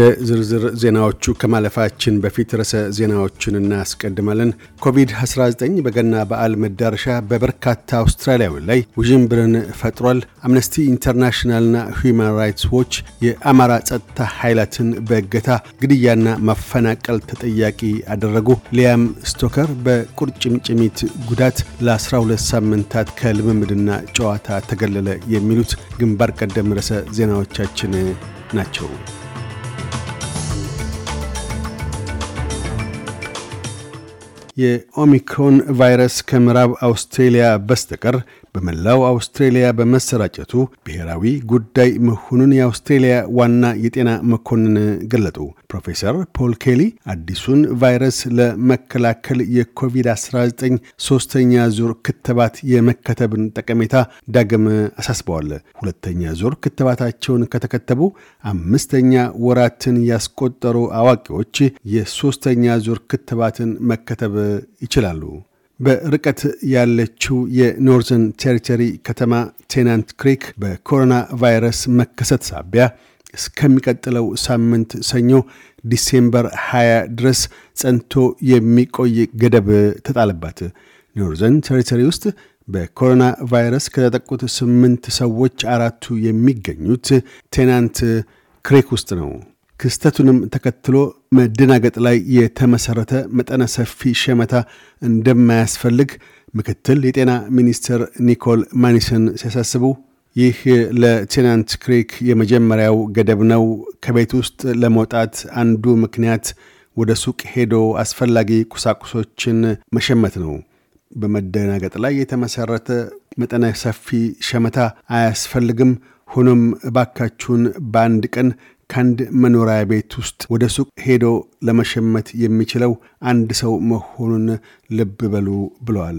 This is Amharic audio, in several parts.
ወደ ዝርዝር ዜናዎቹ ከማለፋችን በፊት ርዕሰ ዜናዎችን እናስቀድማለን። ኮቪድ-19 በገና በዓል መዳረሻ በበርካታ አውስትራሊያዊ ላይ ውዥንብርን ፈጥሯል። አምነስቲ ኢንተርናሽናልና ሁማን ራይትስ ዎች የአማራ ጸጥታ ኃይላትን በእገታ ግድያና ማፈናቀል ተጠያቂ አደረጉ። ሊያም ስቶከር በቁርጭምጭሚት ጉዳት ለ12 ሳምንታት ከልምምድና ጨዋታ ተገለለ። የሚሉት ግንባር ቀደም ርዕሰ ዜናዎቻችን ናቸው። የኦሚክሮን ቫይረስ ከምዕራብ አውስትሬሊያ በስተቀር በመላው አውስትሬሊያ በመሰራጨቱ ብሔራዊ ጉዳይ መሆኑን የአውስትሬሊያ ዋና የጤና መኮንን ገለጡ። ፕሮፌሰር ፖል ኬሊ አዲሱን ቫይረስ ለመከላከል የኮቪድ-19 ሶስተኛ ዙር ክትባት የመከተብን ጠቀሜታ ዳግም አሳስበዋል። ሁለተኛ ዙር ክትባታቸውን ከተከተቡ አምስተኛ ወራትን ያስቆጠሩ አዋቂዎች የሶስተኛ ዙር ክትባትን መከተብ ይችላሉ። በርቀት ያለችው የኖርዘርን ቴሪተሪ ከተማ ቴናንት ክሪክ በኮሮና ቫይረስ መከሰት ሳቢያ እስከሚቀጥለው ሳምንት ሰኞ ዲሴምበር 20 ድረስ ጸንቶ የሚቆይ ገደብ ተጣለባት። ኖርዘርን ቴሪተሪ ውስጥ በኮሮና ቫይረስ ከተጠቁት ስምንት ሰዎች አራቱ የሚገኙት ቴናንት ክሪክ ውስጥ ነው። ክስተቱንም ተከትሎ መደናገጥ ላይ የተመሰረተ መጠነ ሰፊ ሸመታ እንደማያስፈልግ ምክትል የጤና ሚኒስትር ኒኮል ማኒሰን ሲያሳስቡ ይህ ለቴናንት ክሪክ የመጀመሪያው ገደብ ነው። ከቤት ውስጥ ለመውጣት አንዱ ምክንያት ወደ ሱቅ ሄዶ አስፈላጊ ቁሳቁሶችን መሸመት ነው። በመደናገጥ ላይ የተመሰረተ መጠነ ሰፊ ሸመታ አያስፈልግም። ሆኖም እባካችሁን በአንድ ቀን ከአንድ መኖሪያ ቤት ውስጥ ወደ ሱቅ ሄዶ ለመሸመት የሚችለው አንድ ሰው መሆኑን ልብ በሉ ብለዋል።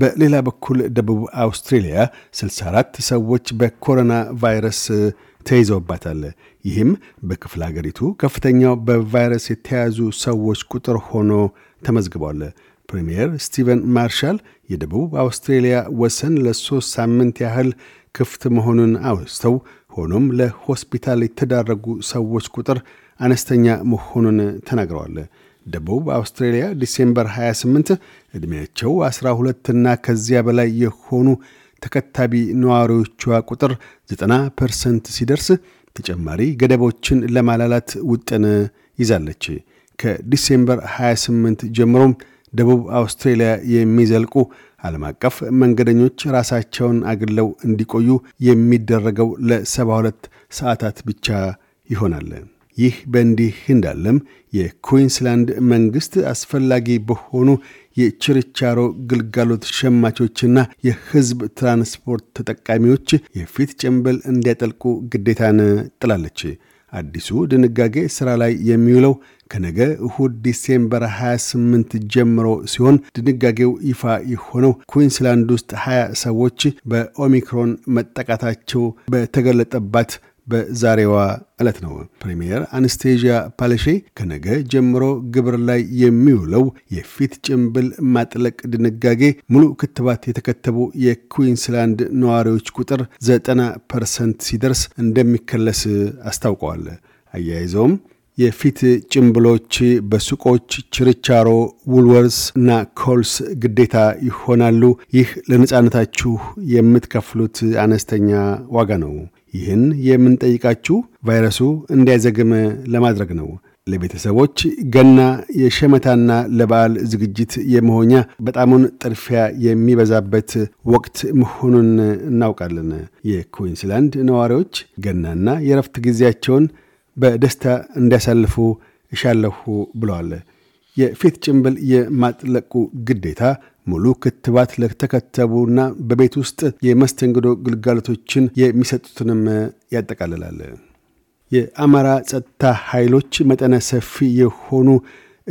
በሌላ በኩል ደቡብ አውስትሬልያ 64 ሰዎች በኮሮና ቫይረስ ተይዘውባታል። ይህም በክፍለ አገሪቱ ከፍተኛው በቫይረስ የተያዙ ሰዎች ቁጥር ሆኖ ተመዝግቧል። ፕሪምየር ስቲቨን ማርሻል የደቡብ አውስትሬልያ ወሰን ለሶስት ሳምንት ያህል ክፍት መሆኑን አውስተው ሆኖም ለሆስፒታል የተዳረጉ ሰዎች ቁጥር አነስተኛ መሆኑን ተናግረዋል። ደቡብ አውስትሬልያ ዲሴምበር 28 ዕድሜያቸው 12ና ከዚያ በላይ የሆኑ ተከታቢ ነዋሪዎቿ ቁጥር 90 ፐርሰንት ሲደርስ ተጨማሪ ገደቦችን ለማላላት ውጥን ይዛለች። ከዲሴምበር 28 ጀምሮም ደቡብ አውስትሬልያ የሚዘልቁ ዓለም አቀፍ መንገደኞች ራሳቸውን አግለው እንዲቆዩ የሚደረገው ለሰባ ሁለት ሰዓታት ብቻ ይሆናል። ይህ በእንዲህ እንዳለም የኩዊንስላንድ መንግሥት አስፈላጊ በሆኑ የችርቻሮ ግልጋሎት ሸማቾችና የሕዝብ ትራንስፖርት ተጠቃሚዎች የፊት ጭንብል እንዲያጠልቁ ግዴታን ጥላለች። አዲሱ ድንጋጌ ስራ ላይ የሚውለው ከነገ እሁድ ዲሴምበር 28 ጀምሮ ሲሆን ድንጋጌው ይፋ የሆነው ኩዊንስላንድ ውስጥ 20 ሰዎች በኦሚክሮን መጠቃታቸው በተገለጠባት በዛሬዋ ዕለት ነው። ፕሪምየር አንስቴዥያ ፓለሼ ከነገ ጀምሮ ግብር ላይ የሚውለው የፊት ጭንብል ማጥለቅ ድንጋጌ ሙሉ ክትባት የተከተቡ የኩዊንስላንድ ነዋሪዎች ቁጥር ዘጠና ፐርሰንት ሲደርስ እንደሚከለስ አስታውቀዋል። አያይዘውም የፊት ጭንብሎች በሱቆች ችርቻሮ፣ ውልወርስ እና ኮልስ ግዴታ ይሆናሉ። ይህ ለነፃነታችሁ የምትከፍሉት አነስተኛ ዋጋ ነው። ይህን የምንጠይቃችሁ ቫይረሱ እንዳይዘግም ለማድረግ ነው። ለቤተሰቦች ገና የሸመታና ለበዓል ዝግጅት የመሆኛ በጣሙን ጥርፊያ የሚበዛበት ወቅት መሆኑን እናውቃለን። የኩዊንስላንድ ነዋሪዎች ገናና የረፍት ጊዜያቸውን በደስታ እንዲያሳልፉ እሻለሁ ብለዋል። የፊት ጭንብል የማጥለቁ ግዴታ ሙሉ ክትባት ለተከተቡና በቤት ውስጥ የመስተንግዶ ግልጋሎቶችን የሚሰጡትንም ያጠቃልላል። የአማራ ጸጥታ ኃይሎች መጠነ ሰፊ የሆኑ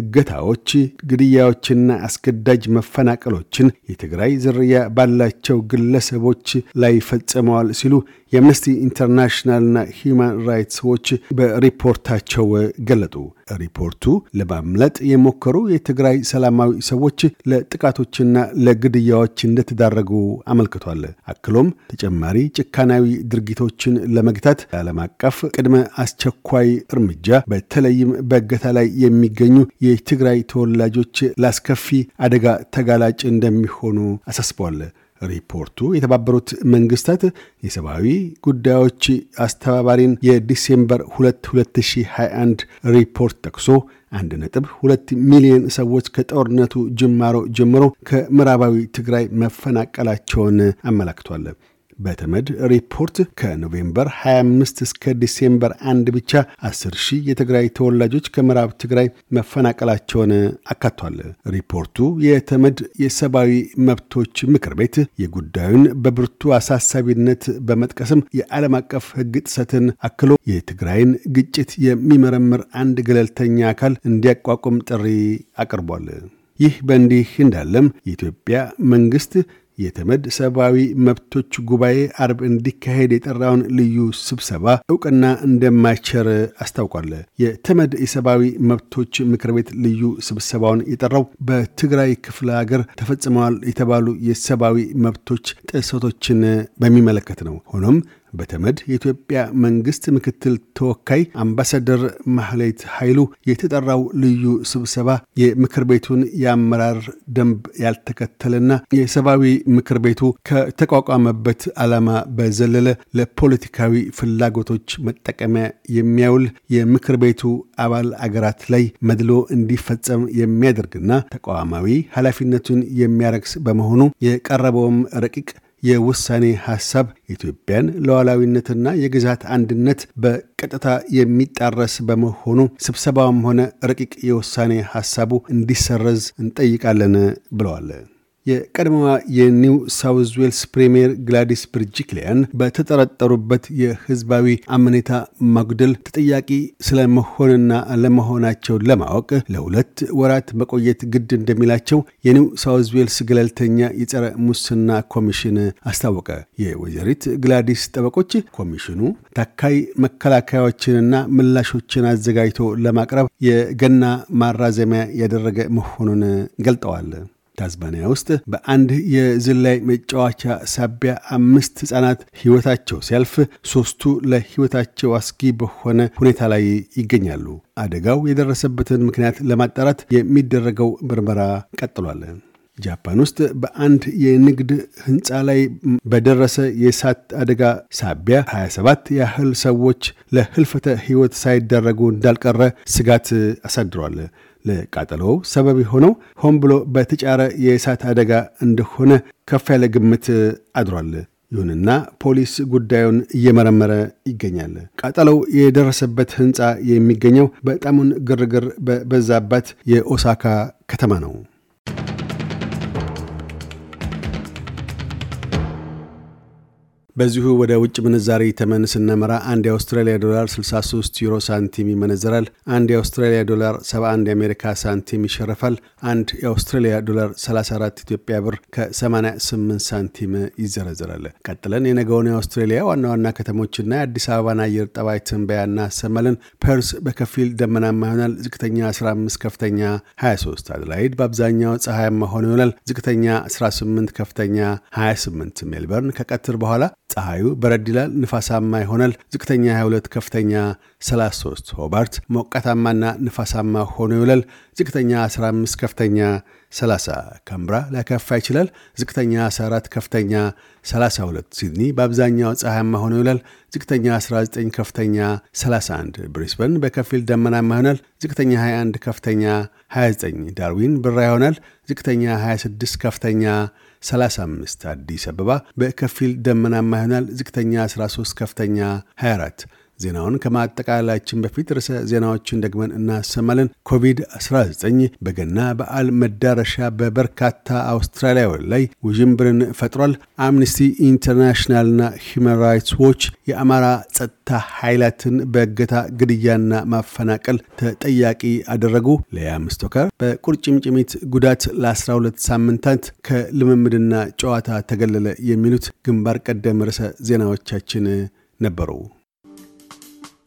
እገታዎች፣ ግድያዎችና አስገዳጅ መፈናቀሎችን የትግራይ ዝርያ ባላቸው ግለሰቦች ላይ ፈጽመዋል ሲሉ የአምነስቲ ኢንተርናሽናልና ሂማን ራይትስ ዎች በሪፖርታቸው ገለጡ። ሪፖርቱ ለማምለጥ የሞከሩ የትግራይ ሰላማዊ ሰዎች ለጥቃቶችና ለግድያዎች እንደተዳረጉ አመልክቷል። አክሎም ተጨማሪ ጭካናዊ ድርጊቶችን ለመግታት ዓለም አቀፍ ቅድመ አስቸኳይ እርምጃ በተለይም በእገታ ላይ የሚገኙ የትግራይ ተወላጆች ላስከፊ አደጋ ተጋላጭ እንደሚሆኑ አሳስበዋል። ሪፖርቱ የተባበሩት መንግስታት የሰብአዊ ጉዳዮች አስተባባሪን የዲሴምበር 2 2021 ሪፖርት ጠቅሶ 1.2 ሚሊዮን ሰዎች ከጦርነቱ ጅማሮ ጀምሮ ከምዕራባዊ ትግራይ መፈናቀላቸውን አመላክቷል። በተመድ ሪፖርት ከኖቬምበር 25 እስከ ዲሴምበር 1 ብቻ 10 ሺህ የትግራይ ተወላጆች ከምዕራብ ትግራይ መፈናቀላቸውን አካቷል። ሪፖርቱ የተመድ የሰብአዊ መብቶች ምክር ቤት የጉዳዩን በብርቱ አሳሳቢነት በመጥቀስም የዓለም አቀፍ ሕግ ጥሰትን አክሎ የትግራይን ግጭት የሚመረምር አንድ ገለልተኛ አካል እንዲያቋቁም ጥሪ አቅርቧል። ይህ በእንዲህ እንዳለም የኢትዮጵያ መንግስት የተመድ ሰብአዊ መብቶች ጉባኤ አርብ እንዲካሄድ የጠራውን ልዩ ስብሰባ እውቅና እንደማይቸር አስታውቋል። የተመድ የሰብአዊ መብቶች ምክር ቤት ልዩ ስብሰባውን የጠራው በትግራይ ክፍለ ሀገር ተፈጽመዋል የተባሉ የሰብአዊ መብቶች ጥሰቶችን በሚመለከት ነው። ሆኖም በተመድ የኢትዮጵያ መንግስት ምክትል ተወካይ አምባሳደር ማህሌት ኃይሉ የተጠራው ልዩ ስብሰባ የምክር ቤቱን የአመራር ደንብ ያልተከተለና የሰብአዊ ምክር ቤቱ ከተቋቋመበት ዓላማ በዘለለ ለፖለቲካዊ ፍላጎቶች መጠቀሚያ የሚያውል የምክር ቤቱ አባል አገራት ላይ መድሎ እንዲፈጸም የሚያደርግና ተቋማዊ ኃላፊነቱን የሚያረግስ በመሆኑ የቀረበውም ረቂቅ የውሳኔ ሐሳብ ኢትዮጵያን ለዋላዊነትና የግዛት አንድነት በቀጥታ የሚጣረስ በመሆኑ ስብሰባውም ሆነ ረቂቅ የውሳኔ ሐሳቡ እንዲሰረዝ እንጠይቃለን ብለዋል። የቀድሞዋ የኒው ሳውዝ ዌልስ ፕሪምየር ግላዲስ ብርጅክሊያን በተጠረጠሩበት የህዝባዊ አመኔታ ማጉደል ተጠያቂ ስለመሆንና ለመሆናቸው ለማወቅ ለሁለት ወራት መቆየት ግድ እንደሚላቸው የኒው ሳውዝ ዌልስ ገለልተኛ የጸረ ሙስና ኮሚሽን አስታወቀ። የወይዘሪት ግላዲስ ጠበቆች ኮሚሽኑ ታካይ መከላከያዎችንና ምላሾችን አዘጋጅቶ ለማቅረብ የገና ማራዘሚያ ያደረገ መሆኑን ገልጠዋል። ታዝባኒያ ውስጥ በአንድ የዝላይ መጫወቻ ሳቢያ አምስት ህጻናት ህይወታቸው ሲያልፍ ሶስቱ ለህይወታቸው አስጊ በሆነ ሁኔታ ላይ ይገኛሉ። አደጋው የደረሰበትን ምክንያት ለማጣራት የሚደረገው ምርመራ ቀጥሏል። ጃፓን ውስጥ በአንድ የንግድ ህንፃ ላይ በደረሰ የእሳት አደጋ ሳቢያ 27 ያህል ሰዎች ለህልፈተ ህይወት ሳይደረጉ እንዳልቀረ ስጋት አሳድሯል። ለቃጠሎው ሰበብ የሆነው ሆን ብሎ በተጫረ የእሳት አደጋ እንደሆነ ከፍ ያለ ግምት አድሯል። ይሁንና ፖሊስ ጉዳዩን እየመረመረ ይገኛል። ቃጠሎው የደረሰበት ሕንፃ የሚገኘው በጣሙን ግርግር በበዛባት የኦሳካ ከተማ ነው። በዚሁ ወደ ውጭ ምንዛሪ ተመን ስነመራ አንድ የአውስትራሊያ ዶላር 63 ዩሮ ሳንቲም ይመነዘራል። አንድ የአውስትራሊያ ዶላር 71 የአሜሪካ ሳንቲም ይሸረፋል። አንድ የአውስትራሊያ ዶላር 34 ኢትዮጵያ ብር ከ88 ሳንቲም ይዘረዘራል። ቀጥለን የነገውን የአውስትራሊያ ዋና ዋና ከተሞችና የአዲስ አበባን አየር ጠባይ ትንበያ እናሰማለን። ፐርስ በከፊል ደመናማ ይሆናል። ዝቅተኛ 15፣ ከፍተኛ 23። አድላይድ በአብዛኛው ፀሐያማ ሆኖ ይሆናል። ዝቅተኛ 18፣ ከፍተኛ 28። ሜልበርን ከቀትር በኋላ ፀሐዩ በረድ ይላል፣ ንፋሳማ ይሆናል። ዝቅተኛ 22፣ ከፍተኛ 33። ሆባርት ሞቃታማና ንፋሳማ ሆኖ ይውላል። ዝቅተኛ 15፣ ከፍተኛ 30። ከምብራ ሊያካፋ ይችላል። ዝቅተኛ 14፣ ከፍተኛ 32። ሲድኒ በአብዛኛው ፀሐያማ ሆኖ ይውላል። ዝቅተኛ 19፣ ከፍተኛ 31። ብሪስበን በከፊል ደመናማ ይሆናል። ዝቅተኛ 21፣ ከፍተኛ 29። ዳርዊን ብራ ይሆናል። ዝቅተኛ 26፣ ከፍተኛ 35 አዲስ አበባ በከፊል ደመናማ ይሆናል። ዝቅተኛ 13፣ ከፍተኛ 24 ዜናውን ከማጠቃላችን በፊት ርዕሰ ዜናዎችን ደግመን እናሰማለን። ኮቪድ-19 በገና በዓል መዳረሻ በበርካታ አውስትራሊያውያን ላይ ውዥንብርን ፈጥሯል። አምነስቲ ኢንተርናሽናልና ሂማን ራይትስ ዎች የአማራ ጸጥታ ኃይላትን በእገታ ግድያና ማፈናቀል ተጠያቂ አደረጉ። ሊያም ስቶከር በቁርጭምጭሚት ጉዳት ለ12 ሳምንታት ከልምምድና ጨዋታ ተገለለ። የሚሉት ግንባር ቀደም ርዕሰ ዜናዎቻችን ነበሩ።